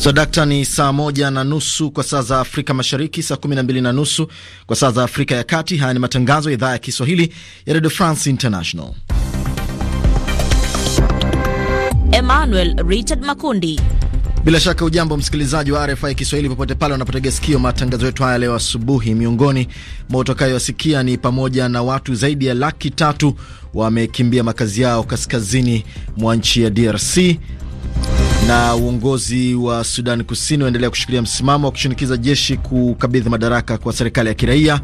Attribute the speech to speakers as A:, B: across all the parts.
A: So dakta, ni saa moja na nusu kwa saa za Afrika Mashariki, saa kumi na mbili na nusu kwa saa za Afrika ya Kati. Haya ni matangazo ya idhaa ya Kiswahili ya Radio France International.
B: Emmanuel Richard Makundi.
A: Bila shaka ujambo msikilizaji wa RFI Kiswahili popote pale wanapotega sikio matangazo yetu haya leo asubuhi. Miongoni mwa utakayowasikia ni pamoja na watu zaidi ya laki tatu wamekimbia makazi yao kaskazini mwa nchi ya DRC. Na uongozi wa Sudan Kusini waendelea kushikilia msimamo wa kushinikiza jeshi kukabidhi madaraka kwa serikali ya kiraia.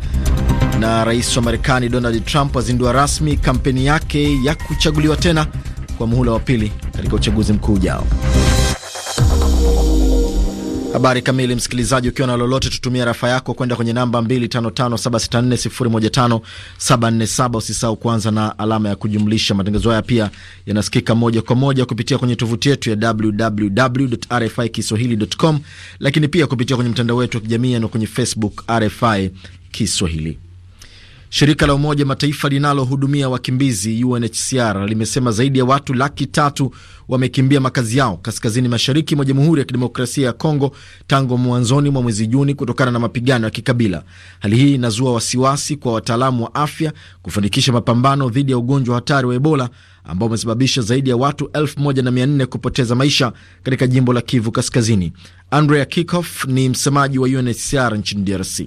A: Na rais wa Marekani Donald Trump azindua rasmi kampeni yake ya kuchaguliwa tena kwa muhula wa pili katika uchaguzi mkuu ujao. Habari kamili, msikilizaji, ukiwa na lolote, tutumia rafa yako kwenda kwenye namba 255764015747. Usisahau kuanza na alama ya kujumlisha. Matangazo haya pia yanasikika moja kwa moja kupitia kwenye tovuti yetu ya www.rfikiswahili.com, lakini pia kupitia kwenye mtandao wetu wa kijamii, na yaani kwenye Facebook RFI Kiswahili. Shirika la Umoja Mataifa linalohudumia wakimbizi UNHCR limesema zaidi ya watu laki tatu wamekimbia makazi yao kaskazini mashariki mwa Jamhuri ya Kidemokrasia ya Kongo tangu mwanzoni mwa mwezi Juni kutokana na mapigano ya kikabila. Hali hii inazua wasiwasi kwa wataalamu wa afya kufanikisha mapambano dhidi ya ugonjwa hatari wa Ebola ambao umesababisha zaidi ya watu 1400 kupoteza maisha katika jimbo la Kivu Kaskazini. Andrea Kikoff ni msemaji wa UNHCR nchini DRC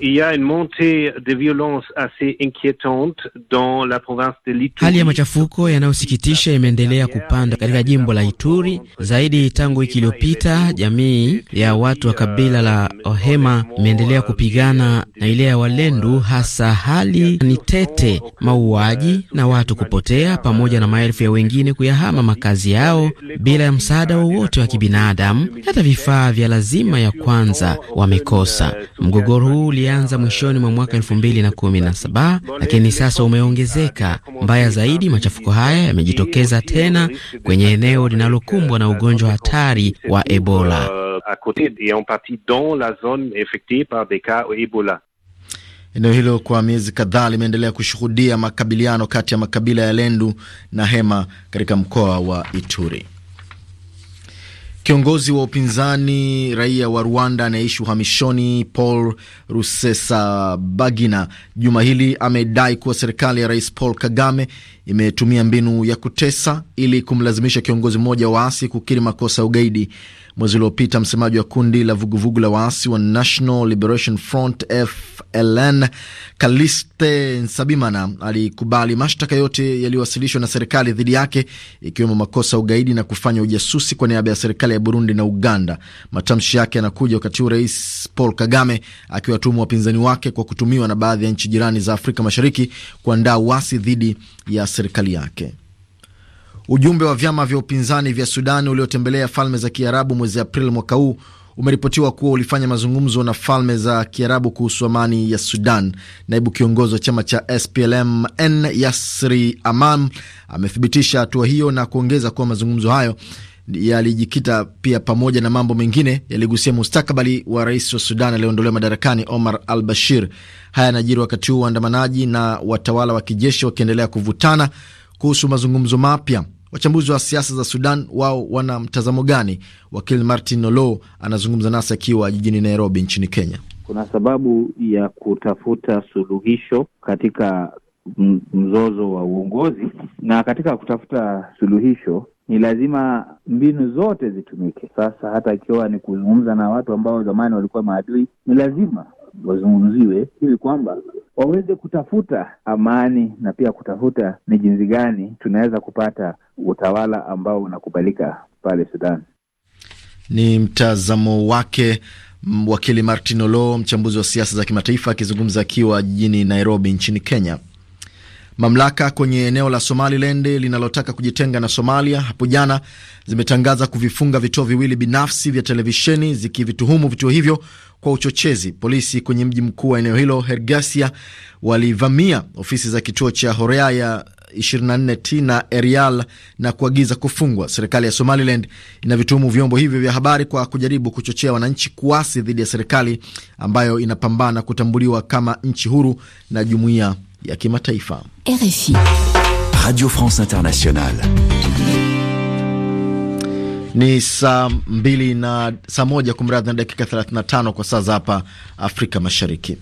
C: il y a une montée de violence assez inquiétante dans la province de l'Ituri. Hali
B: ya machafuko yanayosikitisha imeendelea kupanda katika jimbo la Ituri zaidi tangu wiki iliyopita. Jamii ya watu wa kabila la Ohema imeendelea kupigana na ile ya Walendu, hasa hali ni tete, mauaji na watu kupotea, pamoja na maelfu ya wengine kuyahama makazi yao bila ya msaada wowote wa kibinadamu. Hata vifaa vya lazima ya kwanza wamekosa. Mgogoro huu ulianza mwishoni mwa mwaka 2017 lakini sasa umeongezeka. Mbaya zaidi, machafuko haya yamejitokeza tena kwenye eneo linalokumbwa na ugonjwa hatari wa Ebola. Eneo hilo kwa
A: miezi kadhaa limeendelea kushuhudia makabiliano kati ya makabila ya Lendu na Hema katika mkoa wa Ituri. Kiongozi wa upinzani raia wa Rwanda anayeishi uhamishoni Paul Rusesabagina juma hili amedai kuwa serikali ya Rais Paul Kagame imetumia mbinu ya kutesa ili kumlazimisha kiongozi mmoja wa waasi kukiri makosa ya ugaidi. Mwezi uliopita msemaji wa kundi la vuguvugu la waasi wa National Liberation Front FLN Kaliste Nsabimana alikubali mashtaka yote yaliyowasilishwa na serikali dhidi yake, ikiwemo makosa ya ugaidi na kufanya ujasusi kwa niaba ya serikali ya Burundi na Uganda. Matamshi yake yanakuja wakati huu Rais Paul Kagame akiwatuma wapinzani wake kwa kutumiwa na baadhi ya nchi jirani za Afrika Mashariki kuandaa uasi dhidi ya serikali yake. Ujumbe wa vyama vya upinzani vya Sudani uliotembelea Falme za Kiarabu mwezi Aprili mwaka huu umeripotiwa kuwa ulifanya mazungumzo na Falme za Kiarabu kuhusu amani ya Sudan. Naibu kiongozi wa chama cha SPLMN Yasri Amam amethibitisha hatua hiyo na kuongeza kuwa mazungumzo hayo yalijikita pia, pamoja na mambo mengine, yaligusia mustakabali wa rais wa Sudan aliyeondolewa madarakani Omar al Bashir. Haya yanajiri wakati huu waandamanaji na watawala wa kijeshi wakiendelea kuvutana kuhusu mazungumzo mapya. Wachambuzi wa siasa za Sudan wao wana mtazamo gani? Wakili Martin Olo anazungumza nasi akiwa jijini Nairobi nchini Kenya.
C: Kuna sababu ya kutafuta suluhisho katika mzozo wa uongozi na katika kutafuta suluhisho ni lazima mbinu zote zitumike. Sasa hata ikiwa ni kuzungumza na watu ambao zamani walikuwa maadui, ni lazima wazungumziwe ili kwamba waweze kutafuta amani na pia kutafuta ni jinsi gani tunaweza kupata utawala ambao unakubalika pale Sudan.
A: Ni mtazamo wake wakili Martin Olo, mchambuzi wa siasa za kimataifa akizungumza akiwa jijini Nairobi nchini Kenya. Mamlaka kwenye eneo la Somaliland linalotaka kujitenga na Somalia hapo jana zimetangaza kuvifunga vituo viwili binafsi vya televisheni zikivituhumu vituo hivyo kwa uchochezi. Polisi kwenye mji mkuu wa eneo hilo Hergasia walivamia ofisi za kituo cha Horea ya 24T na Erial na kuagiza kufungwa. Serikali ya Somaliland inavituhumu vyombo hivyo vya habari kwa kujaribu kuchochea wananchi kuasi dhidi ya serikali ambayo inapambana kutambuliwa kama nchi huru na jumuiya ya kimataifa. RFI, Radio France Internationale. Ni saa mbili na saa moja kumradhi, na dakika 35 kwa saa za hapa Afrika Mashariki.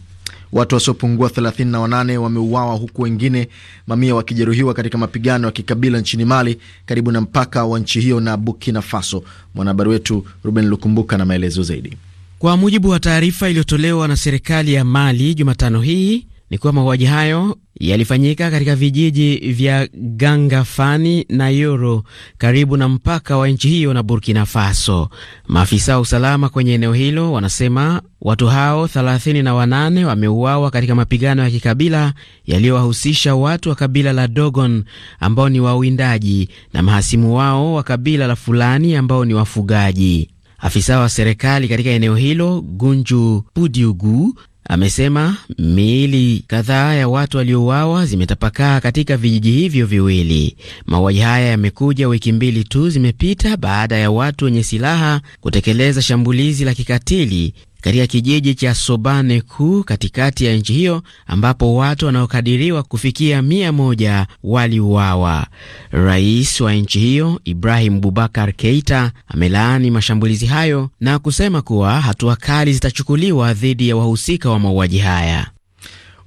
A: Watu wasiopungua 38 wameuawa huku wengine mamia wakijeruhiwa katika mapigano ya kikabila nchini Mali, karibu na mpaka wa nchi hiyo na Burkina Faso. Mwanahabari wetu Ruben Lukumbuka na maelezo zaidi.
B: Kwa mujibu wa taarifa iliyotolewa na serikali ya Mali Jumatano hii, ni kuwa mauaji hayo yalifanyika katika vijiji vya Gangafani na Yoro karibu na mpaka wa nchi hiyo na Burkina Faso. Maafisa wa usalama kwenye eneo hilo wanasema watu hao 38 wameuawa katika mapigano ya kikabila yaliyowahusisha watu wa kabila la Dogon ambao ni wawindaji na mahasimu wao wa kabila la Fulani ambao ni wafugaji. Afisa wa serikali katika eneo hilo Gunju Pudiugu Amesema miili kadhaa ya watu waliouawa zimetapakaa katika vijiji hivyo viwili. Mauaji haya yamekuja wiki mbili tu zimepita baada ya watu wenye silaha kutekeleza shambulizi la kikatili katika kijiji cha Sobane Kuu katikati ya nchi hiyo ambapo watu wanaokadiriwa kufikia mia moja waliuawa. Rais wa nchi hiyo Ibrahim Bubakar Keita amelaani mashambulizi hayo na kusema kuwa hatua kali zitachukuliwa dhidi ya wahusika wa mauaji haya.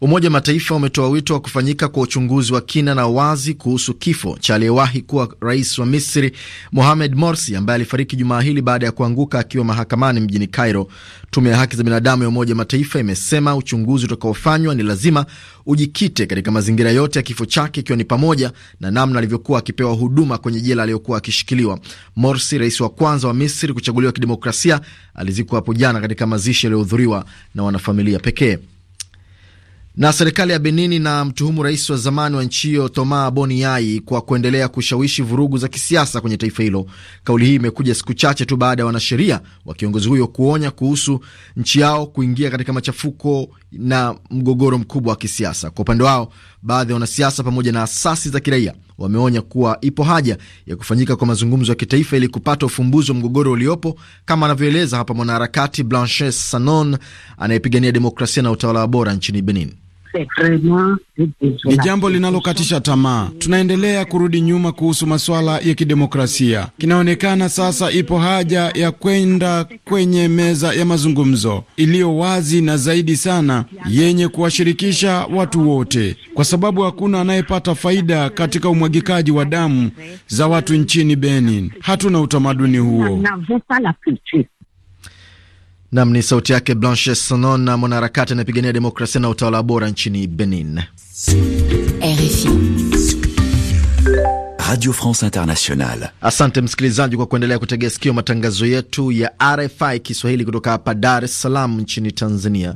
B: Umoja wa
A: Mataifa umetoa wito wa kufanyika kwa uchunguzi wa kina na wazi kuhusu kifo cha aliyewahi kuwa rais wa Misri Mohamed Morsi ambaye alifariki jumaa hili baada ya kuanguka akiwa mahakamani mjini Cairo. Tume ya haki za binadamu ya Umoja wa Mataifa imesema uchunguzi utakaofanywa ni lazima ujikite katika mazingira yote ya kifo chake, ikiwa ni pamoja na namna alivyokuwa akipewa huduma kwenye jela aliyokuwa akishikiliwa. Morsi, rais wa kwanza wa Misri kuchaguliwa kidemokrasia, alizikwa hapo jana katika mazishi yaliyohudhuriwa na wanafamilia pekee. Na serikali ya Benin mtuhumu rais wa zamani wa nchi hiyo Tomas Boni Yai kwa kuendelea kushawishi vurugu za kisiasa kwenye taifa hilo. Kauli hii imekuja siku chache tu baada ya wanasheria wa kiongozi huyo kuonya kuhusu nchi yao kuingia katika machafuko na mgogoro mkubwa wa kisiasa. Kwa upande wao, baadhi ya wanasiasa pamoja na asasi za kiraia wameonya kuwa ipo haja ya kufanyika kwa mazungumzo ya kitaifa ili kupata ufumbuzi wa mgogoro uliopo, kama anavyoeleza hapa mwanaharakati Blanche Sanon anayepigania demokrasia na utawala bora nchini Benin. Ni jambo linalokatisha tamaa.
D: Tunaendelea kurudi nyuma kuhusu masuala ya kidemokrasia. Kinaonekana sasa ipo haja ya kwenda kwenye meza ya mazungumzo iliyo wazi na zaidi sana yenye kuwashirikisha watu wote, kwa sababu hakuna anayepata faida katika umwagikaji wa damu za
A: watu nchini Benin. Hatuna utamaduni huo. Nam ni sauti yake Blanche Sanon na mwanaharakati anayepigania demokrasia na utawala bora nchini Benin. RFI Radio France Internationale. Asante msikilizaji kwa kuendelea kutegea sikio matangazo yetu ya RFI Kiswahili kutoka hapa Dar es Salaam nchini Tanzania.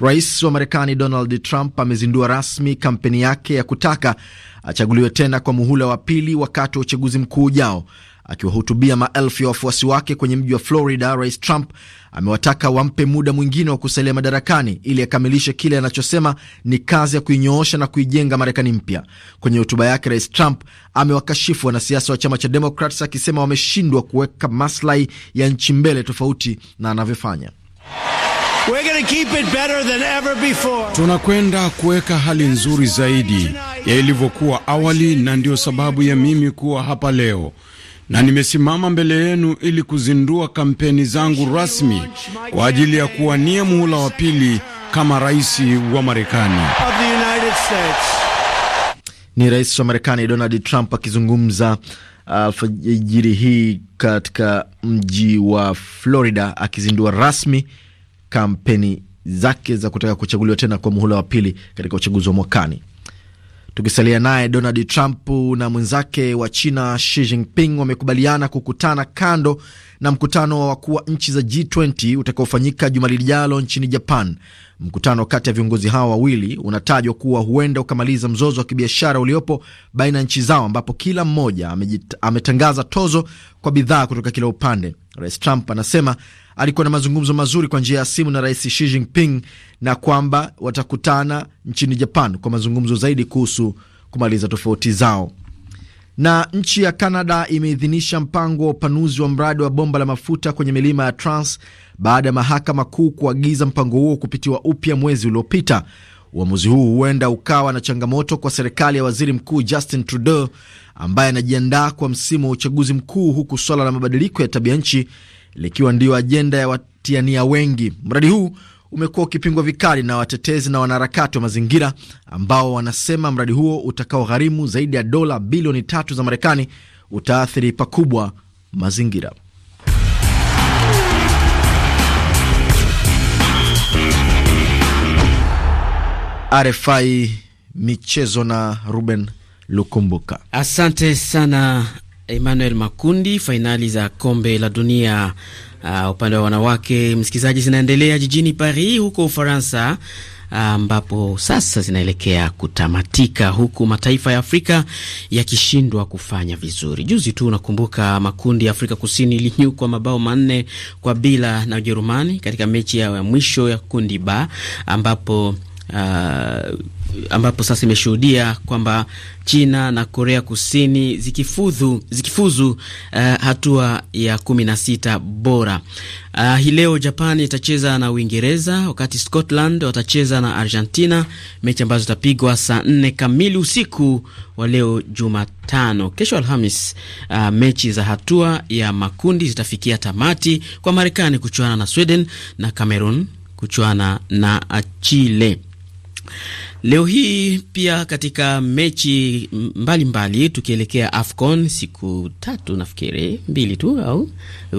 A: Rais wa Marekani Donald Trump amezindua rasmi kampeni yake ya kutaka achaguliwe tena kwa muhula wa pili wakati wa uchaguzi mkuu ujao. Akiwahutubia maelfu ya wafuasi wake kwenye mji wa Florida, Rais Trump amewataka wampe muda mwingine wa kusalia madarakani ili akamilishe kile anachosema ni kazi ya kuinyoosha na kuijenga Marekani mpya. Kwenye hotuba yake, Rais Trump amewakashifu wanasiasa wa chama cha Democrats akisema wameshindwa kuweka maslahi ya nchi mbele tofauti na anavyofanya. Tunakwenda kuweka
D: hali nzuri zaidi ya ilivyokuwa awali, na ndiyo sababu ya mimi kuwa hapa leo na nimesimama mbele yenu ili kuzindua kampeni zangu rasmi
A: kwa ajili ya kuwania muhula wa pili kama rais wa Marekani. Ni rais wa Marekani Donald Trump akizungumza uh, alfajiri uh, hii katika mji wa Florida akizindua rasmi kampeni zake za kutaka kuchaguliwa tena kwa muhula wa pili katika uchaguzi wa mwakani. Tukisalia naye, Donald Trump na mwenzake wa China Xi Jinping wamekubaliana kukutana kando na mkutano wa wakuu wa nchi za G20 utakaofanyika juma lijalo nchini Japan. Mkutano kati ya viongozi hao wawili unatajwa kuwa huenda ukamaliza mzozo wa kibiashara uliopo baina ya nchi zao, ambapo kila mmoja ametangaza tozo kwa bidhaa kutoka kila upande. Rais Trump anasema alikuwa na mazungumzo mazuri kwa njia ya simu na Rais Xi Jinping na kwamba watakutana nchini Japan kwa mazungumzo zaidi kuhusu kumaliza tofauti zao. Na nchi ya canada imeidhinisha mpango wa upanuzi wa mradi wa bomba la mafuta kwenye milima ya Trans baada ya mahakama kuu kuagiza mpango huo kupitiwa upya mwezi uliopita. Uamuzi huu huenda ukawa na changamoto kwa serikali ya waziri mkuu Justin Trudeau ambaye anajiandaa kwa msimu wa uchaguzi mkuu, huku swala la mabadiliko ya tabia nchi likiwa ndiyo ajenda ya watiania wengi. Mradi huu umekuwa ukipingwa vikali na watetezi na wanaharakati wa mazingira ambao wanasema mradi huo utakaogharimu zaidi ya dola bilioni tatu za Marekani utaathiri pakubwa mazingira. RFI Michezo na Ruben Lukumbuka.
B: Asante sana Emmanuel Makundi. Fainali za kombe la dunia uh, upande wa wanawake, msikilizaji, zinaendelea jijini Paris huko Ufaransa ambapo uh, sasa zinaelekea kutamatika huku mataifa ya Afrika yakishindwa kufanya vizuri. Juzi tu unakumbuka, makundi ya Afrika Kusini ilinyukwa mabao manne kwa bila na Ujerumani katika mechi yao ya mwisho ya kundi ba ambapo uh, ambapo sasa imeshuhudia kwamba China na Korea Kusini zikifuzu, zikifuzu uh, hatua ya kumi na sita bora. Uh, hii leo Japan itacheza na Uingereza wakati Scotland watacheza na Argentina, mechi ambazo zitapigwa saa nne kamili usiku wa leo Jumatano. Kesho Alhamis, uh, mechi za hatua ya makundi zitafikia tamati kwa Marekani kuchuana na Sweden na Cameroon kuchuana na Chile. Leo hii pia katika mechi mbalimbali mbali, tukielekea AFCON siku tatu nafikiri mbili tu au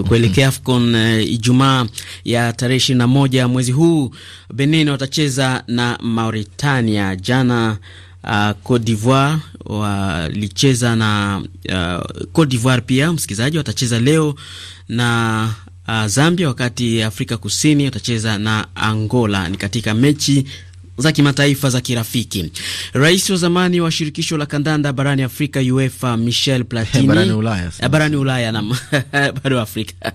B: kuelekea AFCON eh, Ijumaa ya tarehe ishirini na moja mwezi huu, Benin watacheza na Mauritania. Jana Uh, Cote d'Ivoire walicheza na uh, Cote d'Ivoire pia msikilizaji, watacheza leo na uh, Zambia, wakati Afrika Kusini watacheza na Angola. Ni katika mechi za kimataifa za kirafiki. Rais wa zamani wa shirikisho la kandanda barani Afrika UEFA Michel Platini barani Ulaya, eh, barani Ulaya na bado Afrika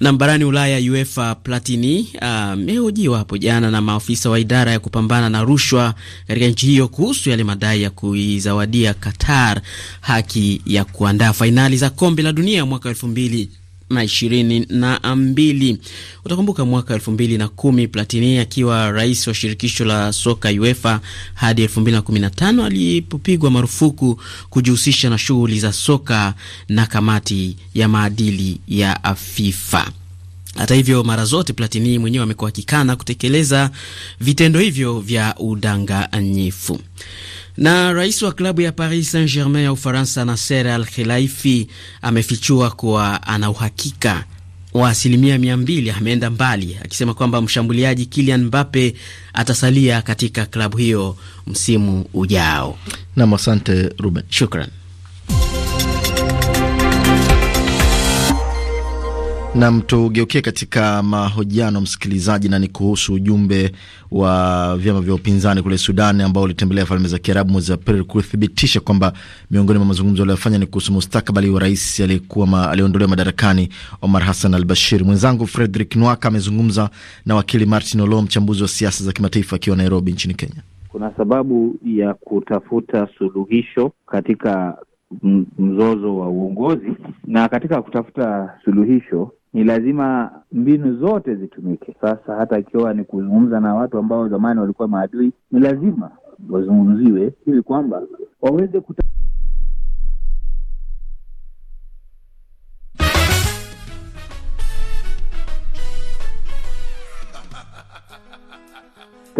B: na barani Ulaya UEFA Platini amehojiwa um, uh, hapo jana na maafisa wa idara ya kupambana na rushwa katika nchi hiyo kuhusu yale madai ya kuizawadia Qatar haki ya kuandaa fainali za kombe la dunia mwaka elfu mbili na ishirini na mbili. Utakumbuka mwaka elfu mbili na kumi Platini akiwa rais wa shirikisho la soka UEFA hadi elfu mbili na kumi na tano alipopigwa marufuku kujihusisha na shughuli za soka na kamati ya maadili ya FIFA. Hata hivyo mara zote Platini mwenyewe amekuwa akikana kutekeleza vitendo hivyo vya udanganyifu. Na rais wa klabu ya Paris Saint-Germain ya Ufaransa Nasser Al-Khelaifi amefichua kuwa ana uhakika wa asilimia mia mbili ameenda mbali akisema kwamba mshambuliaji Kylian Mbappe atasalia katika klabu hiyo msimu
A: ujao. Nam, asante Ruben, shukran. Nam, tugeukie katika mahojiano msikilizaji, na ni kuhusu ujumbe wa vyama vya upinzani kule Sudani ambao ulitembelea Falme za Kiarabu mwezi Aprili kuthibitisha kwamba miongoni mwa mazungumzo aliyofanya ni kuhusu mustakabali wa rais aliyekuwa aliyeondolewa madarakani Omar Hassan al Bashir. Mwenzangu Frederick Nwaka amezungumza na wakili Martin Olo, mchambuzi wa siasa za kimataifa, akiwa Nairobi nchini Kenya.
C: Kuna sababu ya kutafuta suluhisho katika mzozo wa uongozi na katika kutafuta suluhisho ni lazima mbinu zote zitumike. Sasa hata ikiwa ni kuzungumza na watu ambao zamani walikuwa maadui, ni lazima wazungumziwe ili kwamba waweze kuta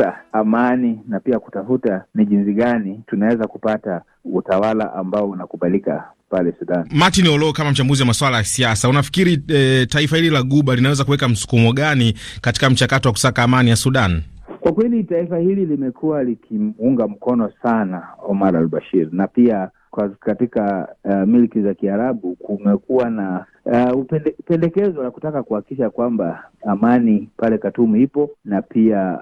C: kutafuta amani na pia kutafuta ni jinsi gani tunaweza kupata utawala ambao unakubalika pale Sudan.
D: Martin Olo, kama mchambuzi wa masuala ya siasa, unafikiri e, taifa hili la Guba linaweza kuweka msukumo gani katika mchakato wa kusaka amani ya Sudan?
C: Kwa kweli taifa hili limekuwa likimuunga mkono sana Omar al-Bashir na pia kwa katika uh, milki za Kiarabu kumekuwa na Uh, pendekezo la kutaka kuhakikisha kwamba amani pale Katumu ipo na pia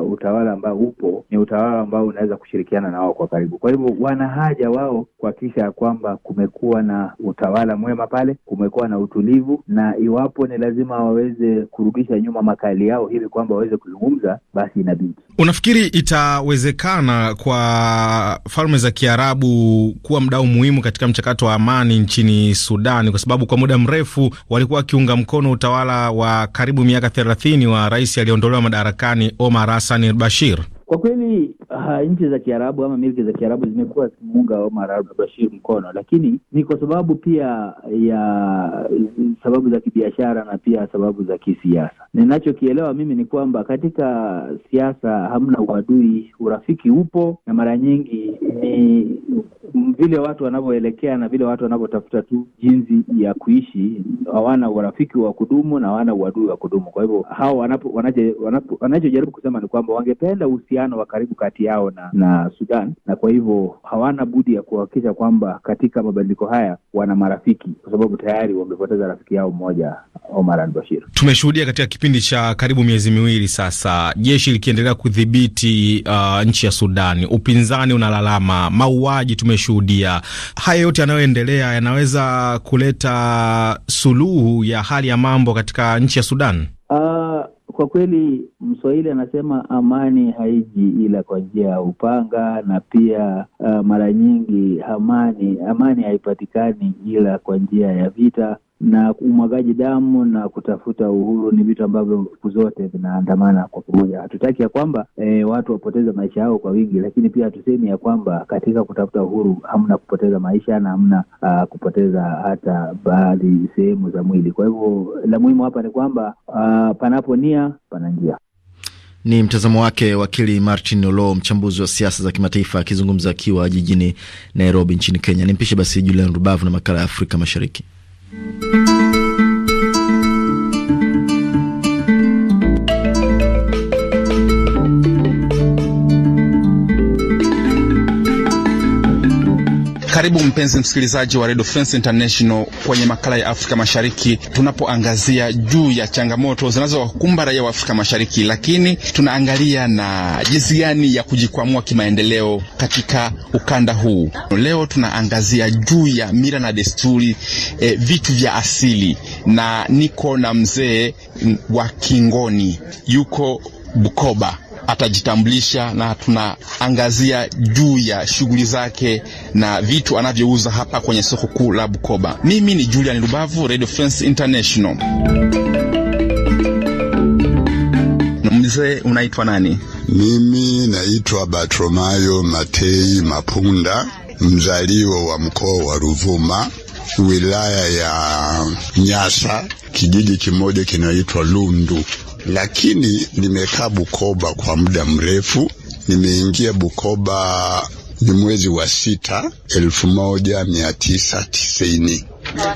C: uh, utawala ambao upo ni utawala ambao unaweza kushirikiana na wao kwa karibu. Kwa hivyo wana haja wao kuhakikisha ya kwamba kumekuwa na utawala mwema pale, kumekuwa na utulivu, na iwapo ni lazima waweze kurudisha nyuma makali yao hivi kwamba waweze kuzungumza, basi inabidi.
D: Unafikiri itawezekana kwa Falme za Kiarabu kuwa mdau muhimu katika mchakato wa amani nchini Sudani? Kwa sababu kwa muda mrefu walikuwa wakiunga mkono utawala wa karibu miaka 30 wa rais aliyeondolewa madarakani Omar Hassan Bashir.
C: Kwa kweli uh, nchi za Kiarabu ama milki za Kiarabu zimekuwa zikimuunga Omar al-Bashir mkono, lakini ni kwa sababu pia ya sababu za kibiashara na pia sababu za kisiasa. Ninachokielewa mimi ni kwamba katika siasa hamna uadui, urafiki upo, na mara nyingi ni vile watu wanavyoelekea na vile watu wanavyotafuta tu jinsi ya kuishi. Hawana urafiki wa kudumu na hawana uadui wa kudumu. Kwa hivyo hao wanachojaribu kusema ni kwamba wangependa uhusiano uhusiano wa karibu kati yao na, na Sudan, na kwa hivyo hawana budi ya kuhakikisha kwamba katika mabadiliko haya wana marafiki, kwa sababu tayari wamepoteza rafiki yao mmoja Omar al-Bashir.
D: Tumeshuhudia katika kipindi cha karibu miezi miwili sasa jeshi likiendelea kudhibiti uh, nchi ya Sudani, upinzani unalalama, mauaji tumeshuhudia. Haya yote yanayoendelea yanaweza kuleta suluhu ya hali ya mambo katika nchi ya Sudan?
A: Uh,
C: kwa kweli Mswahili anasema amani haiji ila kwa njia ya upanga, na pia uh, mara nyingi amani amani haipatikani ila kwa njia ya vita na umwagaji damu na kutafuta uhuru ni vitu ambavyo siku zote vinaandamana kwa pamoja. Hatutaki ya kwamba e, watu wapoteze maisha yao kwa wingi, lakini pia hatusemi ya kwamba katika kutafuta uhuru hamna kupoteza maisha na hamna uh, kupoteza hata baadhi sehemu za mwili. Kwa hivyo la muhimu hapa ni kwamba uh, panapo nia pana njia.
A: Ni mtazamo wake wakili Martin Olo, mchambuzi wa siasa za kimataifa, akizungumza akiwa jijini Nairobi nchini Kenya. Nimpishe basi Julian Rubavu na makala ya Afrika
E: Mashariki. Thank you.
D: mpenzi msikilizaji wa Radio France International, kwenye makala ya Afrika Mashariki tunapoangazia juu ya changamoto zinazowakumba raia wa Afrika Mashariki, lakini tunaangalia na jinsi gani ya kujikwamua kimaendeleo katika ukanda huu. Leo tunaangazia juu ya mila na desturi, e, vitu vya asili, na niko na mzee wa Kingoni, yuko Bukoba atajitambulisha, na tunaangazia juu ya shughuli zake na vitu anavyouza hapa kwenye soko kuu la Bukoba. Mimi ni Julian Lubavu, Radio France International.
F: Mzee, unaitwa nani? Mimi naitwa Batromayo Matei Mapunda, mzaliwa wa mkoa wa Ruvuma, wilaya ya Nyasa, kijiji kimoja kinaitwa Lundu lakini nimekaa Bukoba kwa muda mrefu. Nimeingia Bukoba ni mwezi wa sita elfu moja mia tisa tisini.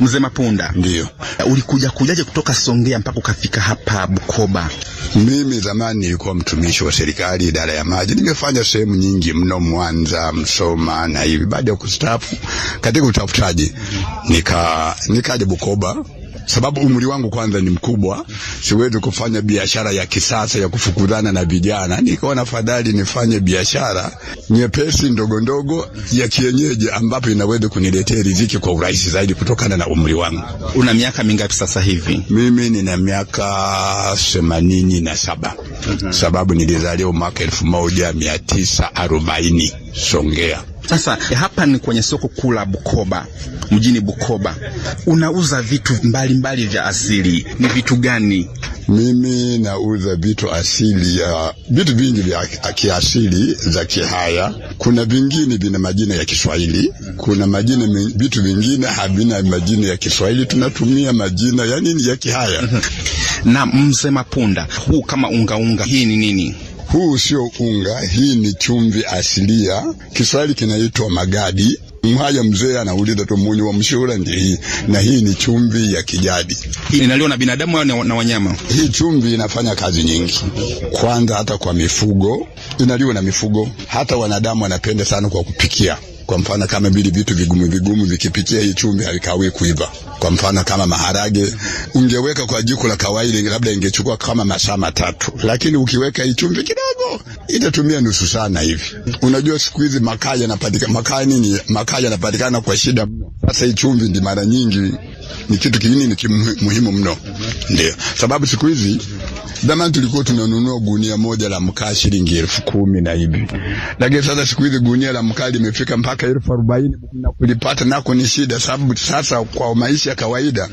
F: Mzee Mapunda, ndio ulikuja kujaje kutoka Songea mpaka ukafika hapa Bukoba? Mimi zamani nilikuwa mtumishi wa serikali, idara ya maji. Nimefanya sehemu nyingi mno, Mwanza, Msoma na hivi. Baada ya kustaafu katika utafutaji, nika nikaja Bukoba sababu umri wangu kwanza ni mkubwa, siwezi kufanya biashara ya kisasa ya kufukuzana na vijana. Nikaona fadhali nifanye biashara nyepesi ndogo ndogo ya kienyeji, ambapo inaweza kuniletea riziki kwa urahisi zaidi kutokana na umri wangu. Una miaka mingapi sasa hivi? Mimi nina miaka themanini na saba. Mm -hmm. Sababu nilizaliwa mwaka elfu moja mia tisa arobaini Songea.
D: Sasa hapa ni kwenye soko kuu la Bukoba, mjini Bukoba. Unauza vitu mbalimbali mbali vya asili, ni vitu gani? Mimi
F: nauza vitu asili ya vitu vingi vya kiasili za Kihaya. Kuna vingine vina majina ya Kiswahili, kuna majina vitu vingine havina majina ya Kiswahili, tunatumia majina ya nini ya Kihaya. na mzee Mapunda, huu kama ungaunga unga, hii ni nini? huu sio unga, hii ni chumvi asilia. Kiswahili kinaitwa magadi. Mhaya mzee anauliza tu munyu wa mshura ndio hii, na hii ni chumvi ya kijadi.
D: Inaliwa na binadamu au na wanyama?
F: Hii chumvi inafanya kazi nyingi, kwanza hata kwa mifugo, inaliwa na mifugo, hata wanadamu wanapenda sana kwa kupikia. Kwa mfano kama vile vitu vigumu vigumu vikipikia hii chumvi havikawii kuiva. Kwa mfano kama maharage ungeweka kwa jiko la kawaida, labda ingechukua kama masaa matatu, lakini ukiweka hii chumvi kidogo itatumia nusu sana hivi. Unajua siku hizi makaa yanapatikana, makaa nini, makaa yanapatikana kwa shida mno. Sasa hii chumvi ndi mara nyingi ni kitu kingine ni muhimu mno, ndio sababu siku hizi zamani tulikuwa tunanunua gunia moja la mkaa shilingi elfu kumi na hivi, lakini sasa siku hizi gunia la mkaa limefika mpaka elfu arobaini na kulipata nako ni shida, sababu sasa kwa maisha ya kawaida,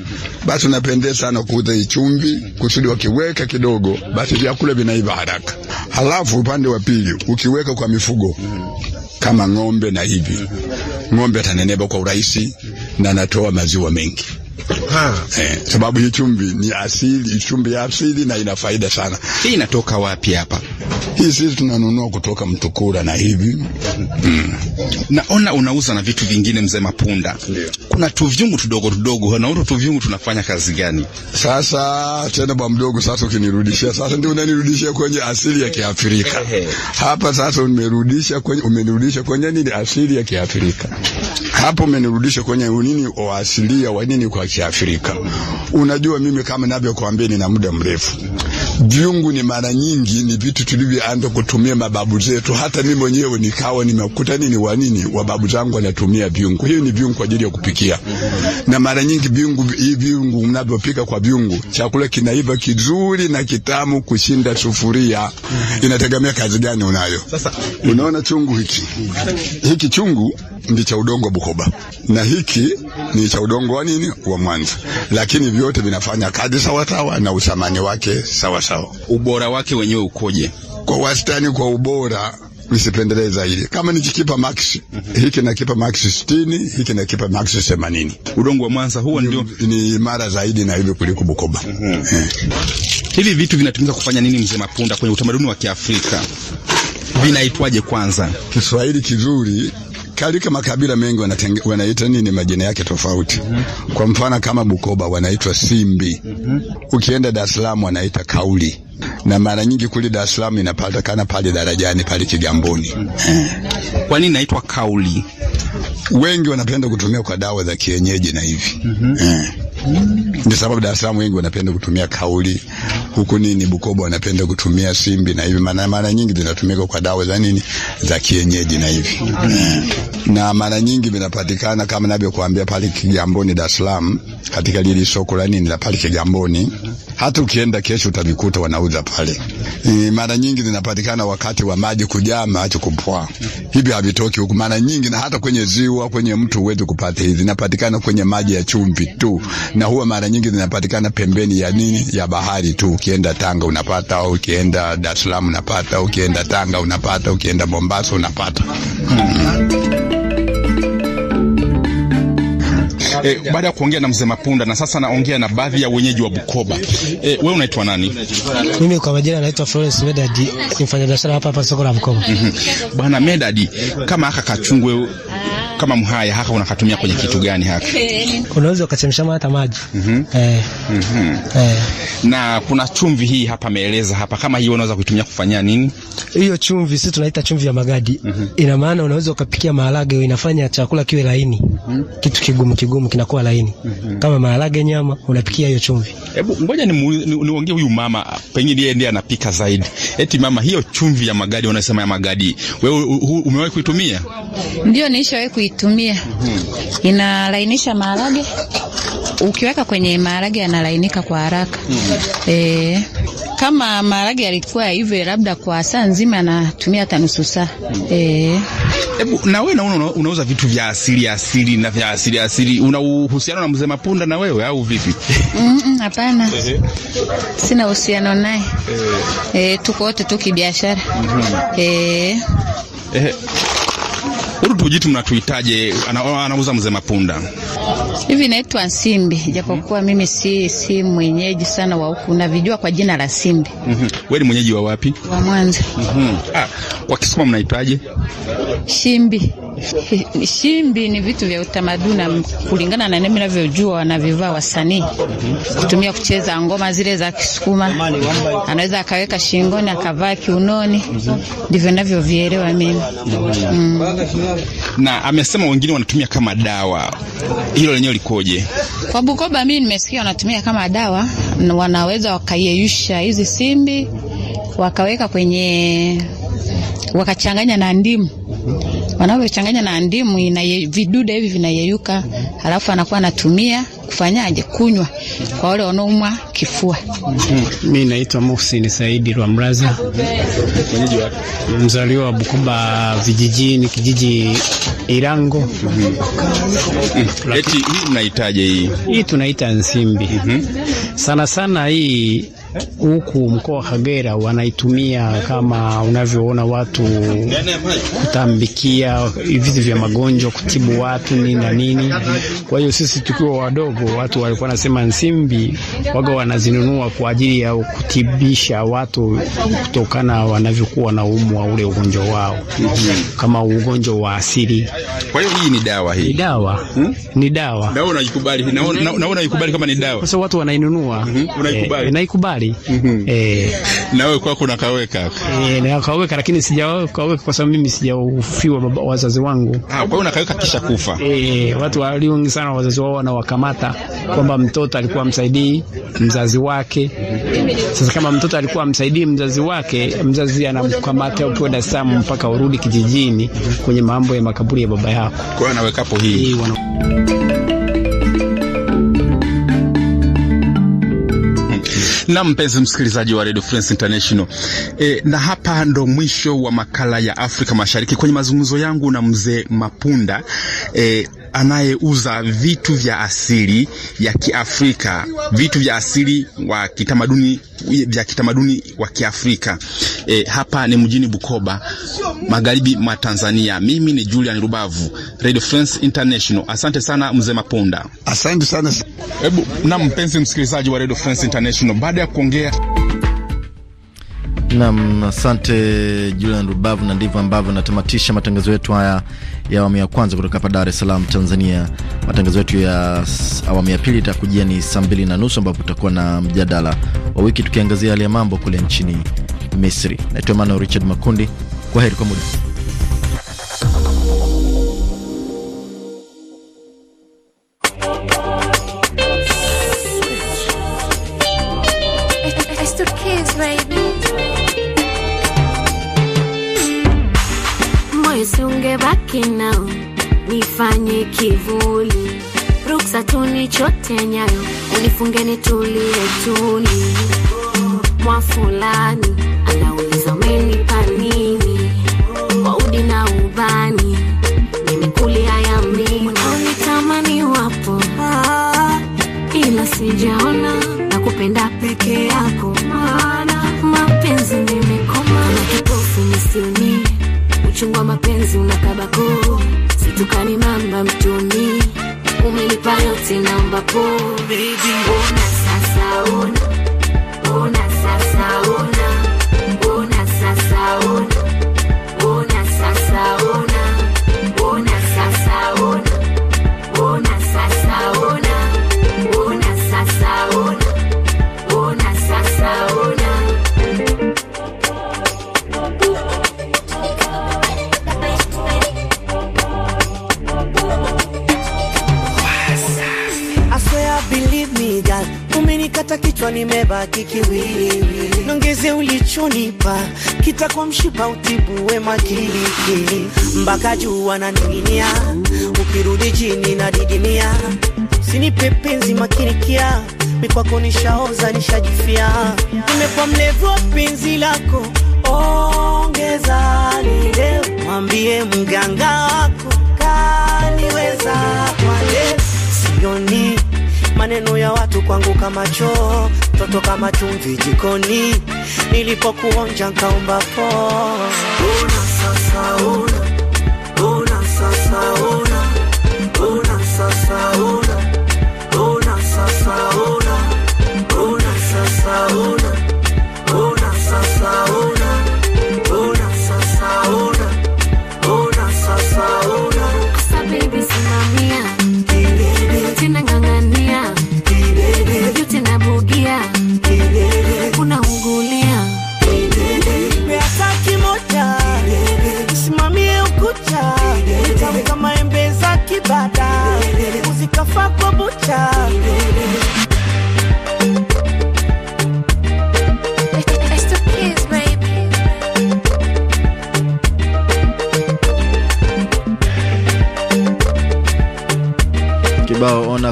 F: basi unapendea sana kuuza ichumbi kusudi wakiweka kidogo, basi vyakula vinaiva haraka. Halafu upande wa pili ukiweka kwa mifugo kama ng'ombe na hivi, ng'ombe ataneneba kwa urahisi na anatoa maziwa mengi. Ha. Eh, sababu hii chumvi ni asili, chumvi ya asili na ina faida sana.
D: Hii inatoka wapi hapa? Hii sisi tunanunua kutoka Mtukura na hivi. Mm. Naona unauza na vitu vingine mzee Mapunda. Ndio. Kuna tuvyungu tudogo tudogo. Na huko tuvyungu tunafanya kazi gani? Sasa tena bwa mdogo sasa ukinirudishia sasa
F: ndio unanirudishia kwenye asili ya Kiafrika. Hapa sasa umerudisha kwenye umenirudisha kwenye nini asili ya Kiafrika. Hapo umenirudisha kwenye nini oasilia wa nini kwa Kiafrika. Unajua, mimi kama ninavyokuambia, nina muda mrefu viungu ni mara nyingi ni vitu tulivyoanza kutumia mababu zetu. Hata mimi mwenyewe nikawa nimekuta nini wa nini wa babu zangu wanatumia viungu. Hiyo ni viungu kwa ajili ya kupikia, na mara nyingi viungu hivi viungu mnavyopika kwa viungu, chakula kinaiva kizuri na kitamu kushinda sufuria. Inategemea kazi gani unayo. Unaona chungu hiki hiki chungu ndi cha udongo wa Bukoba na hiki ni cha udongo wa nini wa Mwanza, lakini vyote vinafanya kazi sawasawa na usamani wake sawasawa.
D: Ubora wake wenyewe ukoje? Kwa wastani, kwa ubora
F: nisipendelee zaidi. Kama nikikipa max hiki nakipa max 60, hiki nakipa max 80. Udongo wa Mwanza huo ndio ni imara zaidi na hivyo kuliko Bukoba. mm -hmm. Eh.
D: Hivi vitu vinatumika kufanya nini, mzee Mapunda, kwenye utamaduni wa Kiafrika vinaitwaje? Kwanza Kiswahili
F: kizuri kalika makabila mengi wanatenge, wanaita nini majina yake tofauti. Mhm. Kwa mfano kama Bukoba wanaitwa Simbi, mhm. ukienda Dar es Salaam wanaita Kauli, na mara nyingi kule Dar es Salaam inapatikana pale darajani pale Kigamboni. Mhm. Kwa nini inaitwa Kauli? Wengi wanapenda kutumia kwa dawa za kienyeji na hivi. Eh. Ndio sababu Dar es Salaam wengi wanapenda kutumia kauli huku nini, Bukoba wanapenda kutumia simbi na hivi, maana mara nyingi zinatumika kwa dawa za nini za kienyeji na hivi, eh. na mara nyingi vinapatikana kama navyokuambia pale Kigamboni, Dar es Salaam, katika lili soko la nini la pale Kigamboni hata ukienda kesho utavikuta wanauza pale. E, mara nyingi zinapatikana wakati wa maji kujaa, maji kupoa, hivi havitoki huku mara nyingi, na hata kwenye ziwa, kwenye mtu huwezi kupata hizi, zinapatikana kwenye maji ya chumvi tu, na huwa mara nyingi zinapatikana pembeni ya nini, ya bahari tu. Ukienda Tanga unapata, au ukienda Dar es Salaam unapata, ukienda Tanga unapata, ukienda Mombasa unapata hmm.
D: E, baada ya kuongea na mzee Mapunda na sasa naongea na baadhi ya wenyeji wa Bukoba. E, wewe unaitwa nani? Mimi kwa majina naitwa Florence Medadi, mfanyabiashara hapa hapa soko la Bukoba. Mm -hmm. Bwana Medadi, kama haka kachungwe kama mhaya haka unakatumia kwenye kitu gani haka? Unaweza ukachemsha hata maji. Mm -hmm. E. Mm -hmm. E. Na kuna chumvi hii hapa ameeleza hapa, kama hii unaweza kuitumia kufanyia nini?
C: Hiyo chumvi sisi tunaita chumvi ya magadi. Mm -hmm. Ina maana unaweza ukapikia maharage, inafanya chakula kiwe laini. Mm Hmm? kitu kigumu kigumu kinakuwa laini mm -hmm. kama maharage, nyama unapikia hiyo chumvi.
D: Hebu ngoja niongee huyu mama, pengine yeye ndiye anapika zaidi. Eti mama, hiyo chumvi ya magadi unasema ya magadi, wewe umewahi kuitumia?
G: Ndio, niishawahi kuitumia mm -hmm. inalainisha maharage ukiweka kwenye maharage yanalainika kwa haraka mm. E, kama maharage yalikuwa hivyo labda kwa saa nzima natumia hata nusu saa mm. E,
D: Ebu, na wewe naona unauza vitu vya asili asili na vya asili asili, una uhusiano na mzee Mapunda na wewe au vipi? Hapana mm -mm,
G: sina uhusiano naye eh. E, tuko wote tu kibiashara mm -hmm. E,
D: eh. tujitu mnatuitaje? Anauza ana mzee Mapunda
G: Hivi naitwa simbi japokuwa mimi si, si mwenyeji sana wa huku, navijua kwa jina la Simbi.
D: mm Wewe ni mwenyeji wa wapi? Wa Mwanza. mm Ah, kwa Kisoma mnaitaje?
G: Shimbi. Shimbi ni vitu vya utamaduni kulingana na nini ninavyojua, wanavivaa wasanii kutumia kucheza ngoma zile za Kisukuma, anaweza akaweka shingoni akavaa kiunoni, ndivyo navyovielewa mimi mm.
D: Na amesema wengine wanatumia kama dawa, hilo lenyewe likoje?
G: Kwa Bukoba mimi nimesikia wanatumia kama dawa, wanaweza wakayeyusha hizi simbi wakaweka kwenye wakachanganya na ndimu wanavyochanganya na ndimu ina vidude hivi vinayeyuka, halafu anakuwa anatumia kufanyaje kunywa kwa wale wanaumwa kifua.
E: Mimi mhm. naitwa Muhsin Saidi Rwamraza, mzaliwa wa Bukoba vijijini, kijiji Irango. Mhm. Eti hii mnahitaji hii? Hii tunaita nsimbi. Mhm. Sana sana hii huku mkoa wa Kagera wanaitumia kama unavyoona watu kutambikia vitu vya magonjwa, kutibu watu nini na nini. Kwa hiyo sisi tukiwa wadogo, watu walikuwa nasema nsimbi waga wanazinunua kwa ajili ya kutibisha watu kutokana wanavyokuwa wa ule ugonjwa wao, kama ugonjwa wa asili. Kwa hiyo hii ni dawa, hii ni dawa hmm? ni dawa.
D: Naona ikubali,
E: naona ikubali kama ni dawa. Sasa watu wanainunua, mhm. unaikubali, eh, naikubali mbali mm eh,
D: nawe kwako nakaweka
E: eh, kaweka lakini sijakaweka kwa sababu mimi sijaufiwa wazazi wangu. Ah, kwa hiyo
D: nakaweka kisha kufa
E: eh. Watu walio wengi sana wazazi wao wanawakamata kwamba mtoto alikuwa msaidii mzazi wake. Sasa kama mtoto alikuwa msaidii mzazi wake, mzazi anamkamata ukiwa Dar es Salaam mpaka urudi kijijini kwenye mambo ya makaburi ya baba yako.
D: Kwa hiyo hapo hii e, wana... na mpenzi msikilizaji wa Radio France International. E, na hapa ndo mwisho wa makala ya Afrika Mashariki kwenye mazungumzo yangu na mzee Mapunda e, anayeuza vitu vya asili ya Kiafrika, vitu vya asili wa kitamaduni vya kitamaduni wa Kiafrika. E, hapa ni mjini Bukoba, magharibi mwa Tanzania. Mimi ni Julian Rubavu, Radio France International. Asante sana mzee Maponda, asante sana. Hebu na mpenzi msikilizaji wa Radio France International, baada ya kuongea
A: Nam, asante Julian Rubavu, na ndivyo ambavyo natamatisha matangazo yetu haya ya awamu ya kwanza kutoka hapa Dar es Salaam, Tanzania. Matangazo yetu ya awamu ya pili itakujia ni saa mbili na nusu ambapo tutakuwa na mjadala wa wiki tukiangazia hali ya mambo kule nchini Misri. Naitwa Emmanuel Richard Makundi, kwa heri kwa muda.
B: kwenye kivuli, ruksa chote nyayo, unifungeni tulie tuni, mwafulani ana nimebaki kiwiliwili, nongeze ulichonipa kitakuwa mshipa utibue mbaka mpaka jua naning'inia, ukirudi chini na didimia, sinipe penzi makinikia mikwako nishaoza nishajifia, nimekuwa mlevu wa penzi lako, ongeza lile, mwambie mganga wako
G: kaniweza
B: kwa leo sioni maneno ya watu kwangu kama choo, toto kama chumvi jikoni, nilipokuonja nkaomba po Una, sasa, ona, ona sasa, una, una, sasa, una. ona sasa, ona, ona sasa, ona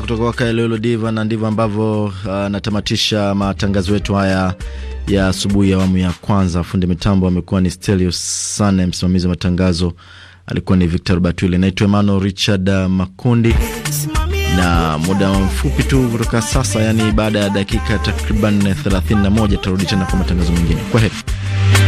A: kutoka kwake Lolo Diva, na ndivyo ambavyo uh, natamatisha matangazo yetu haya ya asubuhi ya awamu ya kwanza. Fundi mitambo amekuwa ni Stelio Sane, msimamizi wa matangazo alikuwa ni Victor Batwile. Naitwa Emmanuel Richard Makundi, na muda mfupi tu kutoka sasa, yani baada ya dakika takriban 31 tarudi tena kwa matangazo mengine. Kwa heri.